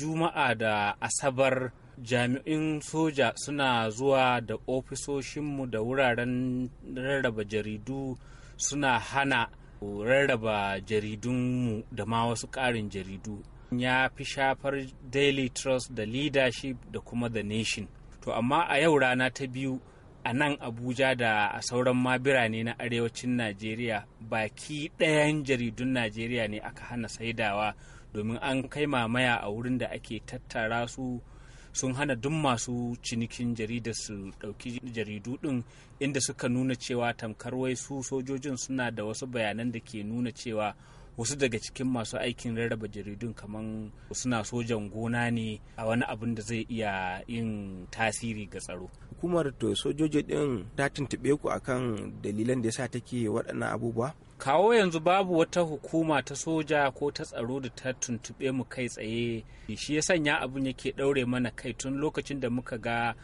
juma'a da asabar jami'in soja suna zuwa da ofisoshinmu da wuraren rarraba jaridu suna hana rarraba jaridunmu da ma wasu ƙarin jaridu ya fi shafar daily trust da leadership da kuma the nation to amma a yau rana ta biyu a nan abuja da a sauran ma birane na arewacin najeriya baki ɗayan jaridun najeriya ne aka hana saidawa domin an kai mamaya a wurin da ake tattara su sun hana duk masu cinikin jarida su ɗauki jaridu ɗin inda suka nuna cewa tamkar wai su sojojin suna da wasu bayanan da ke nuna cewa wasu daga cikin masu aikin rarraba jaridun kamar suna sojan gona ne a wani abin da zai iya yin tasiri ga tsaro hukumar to sojoji din ta tuntube ku akan dalilan da yasa take waɗannan abubuwa kawo yanzu babu wata hukuma ta soja ko ta tsaro da ta tuntube mu kai tsaye shi ya sanya abin yake ɗaure mana kai tun lokacin da muka ga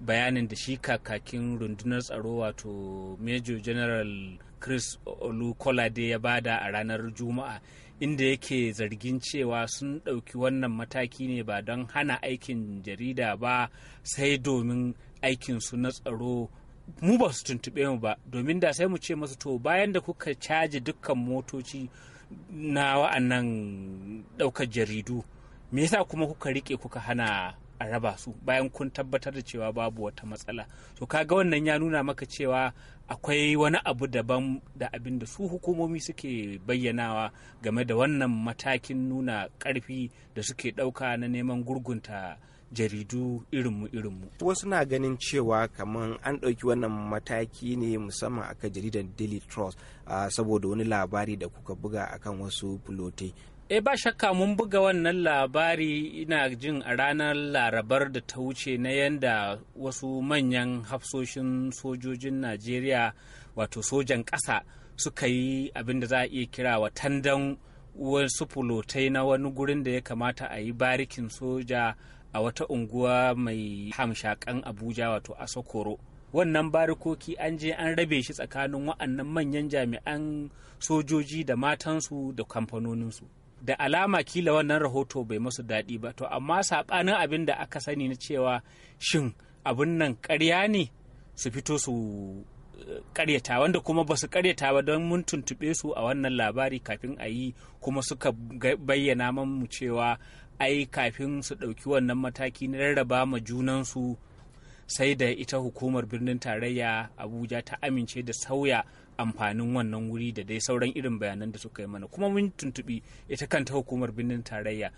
bayanin da shi kakakin rundunar tsaro wato major general chris olukolade ya bada a ranar juma'a inda yake zargin cewa sun ɗauki wannan mataki ne ba don hana aikin jarida ba sai domin aikinsu na tsaro mu ba su tuntuɓe mu ba domin da sai mu ce masu to bayan da kuka caji dukkan motoci na wa'annan ɗaukar jaridu me yasa kuma kuka rike kuka hana a raba su bayan kun tabbatar da cewa babu wata matsala to kaga wannan ya nuna maka cewa akwai wani abu daban da abin da su hukumomi suke bayyanawa game da wannan matakin nuna karfi da suke ɗauka na neman gurgunta jaridu irinmu irinmu wasu na ganin cewa kamar an ɗauki wannan mataki ne musamman aka jaridar daily trust ah, saboda wani labari da kuka buga akan wasu fulotai E ba shakka mun buga wannan labari ina jin a ranar larabar da ta wuce na yadda wasu manyan hafsoshin sojojin najeriya wato sojan ƙasa suka yi abin da za a iya kira wa tandan wasu fulotai na wani gurin da ya kamata a yi barikin soja a wata unguwa mai hamshakan abuja wato a sokoro wannan barikoki an je an rabe shi tsakanin wa'annan manyan jami'an sojoji da matansu da kamfanoninsu da alama kila wannan rahoto bai masu daɗi ba to amma saɓanin abin da aka sani na cewa shin abin nan ƙarya ne su fito su karyata eh, wanda kuma ba su karyata ba don mun tuntuɓe su a wannan labari kafin a yi kuma suka bayyana mu cewa ai kafin su ɗauki wannan mataki na rarraba ma junansu sai da ita hukumar birnin tarayya abuja ta amince da sauya amfanin wannan wuri da dai sauran irin bayanan da suka yi mana kuma mun tuntubi ita kanta hukumar birnin tarayya